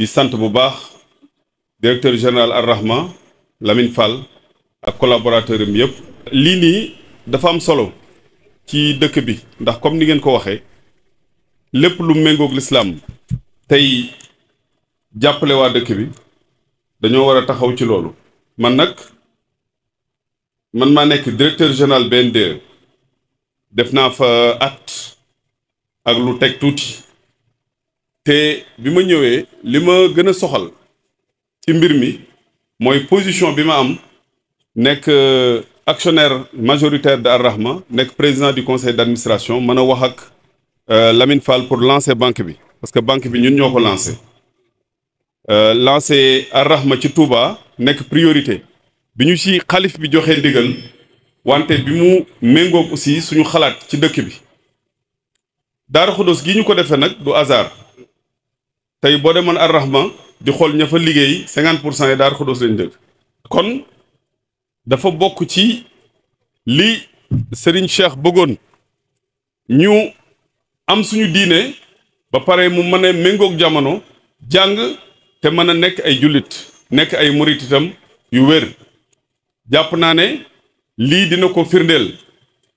di sant bu baax directeur général Ar Rahma Lamine Fall ak collaborateur am yëpp. lii nii dafa am solo ci dëkk bi ndax comme ni ngeen ko waxee lépp lu méngoog lislaam tey jàppale waa dëkk bi dañoo war a taxaw ci loolu. man nag man maa nekk directeur général BNDE def naa fa at ak lu teg tuuti. te bi ma ñëwee li ma gën a soxal ci mbir mi mooy position bi ma am nekk euh, actionnaire majoritaire de Al Rahma nekk président du conseil d'administration mën a wax ak euh, Lamine Fall pour lancer banque bi parce que banque bi ñun ñoo ko lancé euh, lancé Al Rahma ci Touba nekk priorité bi ñu ci xalif bi joxe ndigal wante bi mu méngoog aussi suñu xalaat ci dëkk bi Daaru gi ñu ko defe nag du hasard tey boo demoon ar rahma di xool ña fa liggéey cinquante pour cent yi daar xudóos lañ dëkk kon dafa bokk ci li Serigne Cheikh bëggoon ñu am suñu diine ba pare mu mën a méngoog jamono jàng te mën a nekk ay jullit nekk ay murit yu wér jàpp naa ne lii dina ko firndeel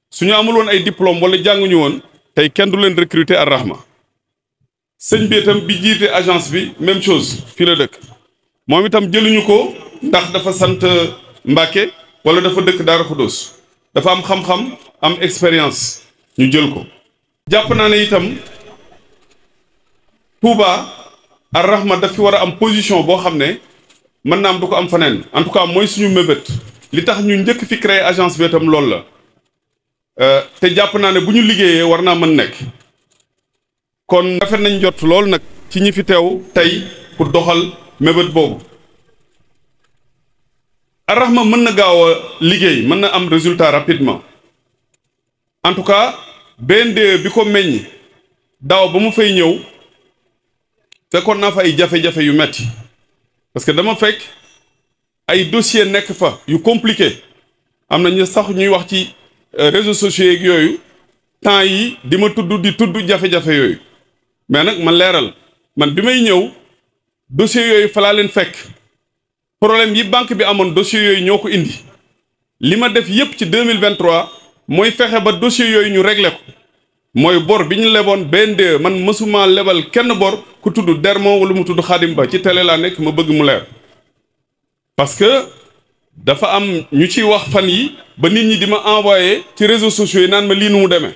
suñu ñu ay diplôme wala jànguñu woon tey kenn du leen recruter ar rahma sëñ bi tam bi jité agence bi même chose fi le deuk momi tam jëluñu ko ndax dafa sante mbacké wala dafa deuk Daara Xudóos dafa am xam-xam am expérience ñu jël ko jàpp naa ne itam Touba ar rahma daf fi war am position bo xamné ne am duko am faneen en tout cas moy suñu mébét li tax ñu ñëk fi créer agence bi tam lool la euh, te té naa ne bu ñu liggéeyee war mën kon rafet nañ jot lool nag ci ñi fi teew tey pour doxal mébét boobu ar mën na gaaw a liggéey mën na am résultat rapidement en tout cas BNDE bi ko meññ daaw ba mu fay ñëw fekkoon naa fa ay jafe-jafe yu metti parce que dama fekk ay dossier nekk fa yu compliqué am na ñu sax ñuy wax ci euh, réseaux sociaux yooyu temps yi di ma tudd di tudd jafe-jafe yooyu mais nag ma leeral man bi may ñëw dossiers yooyu falaa leen fekk problème yi banque bi amoon dossiers yooyu ñoo ko indi li ma def yépp ci 2023 mooy fexe ba dossiers yooyu ñu réglé ko mooy bor bi ñu leboon BNDE man mësuma lebal kenn bor ku tudd Dermo wala mu tudd Xaadim Ba ci télé laa nekk ma bëgg mu leer parce que dafa am ñu ci wax fan yi ba nit ñi di ma envoyé ci réseaux sociaux yi naan ma lii nu mu demee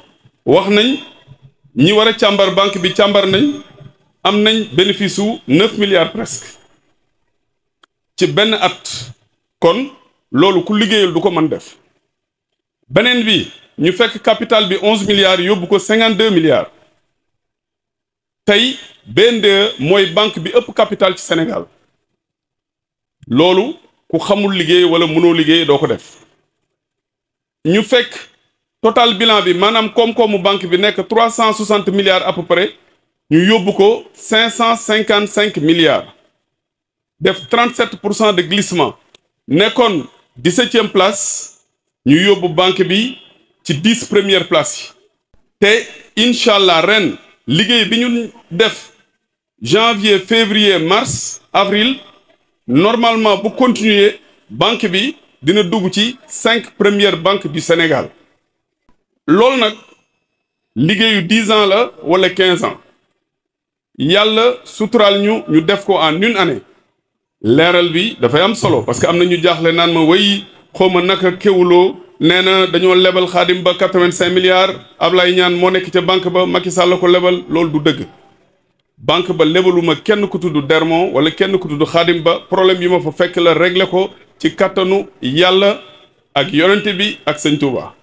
wax nañ ñi war càmbar banque bi càmbar nañ am nañ bénéfice wu neuf milliards presque ci benn at kon loolu ku liggéeyal du ko man def beneen bi ñu fekk capital bi onze milliards yóbbu ko cinquante deux milliards tey BNDE mooy banque bi ëpp capital ci Sénégal loolu ku xamul liggéey wala mënoo liggéey doo ko def ñu fekk total bilan bi manam banque bi 360 milliards à peu près ñu 555 milliards def 37% de glissement nekkoon 17e place ñu banque 10 première place Inch'Allah, inshallah reine def janvier février mars avril normalement pour continuer banque bi dina 5 premières banques du sénégal loolu nag liggéeyu dix ans la wala quinze ans yàlla suturaal ñu ñu def ko en une année leeral bi dafay am solo parce que am na ñu jaaxle naan ma way xawma naka kéwuloo nee na dañoo lebal xaadim ba quatre-vingt-cinq milliards Ablaye ñaan moo nekk ca banque ba Macky Sall la ko lebal lool du dëgg banque ba lebaluma kenn ku tudd Dermon wala kenn ku tudd xaadim ba problème yi ma fa fekk la régler ko ci kattanu yàlla ak yonente bi ak sëñ Touba.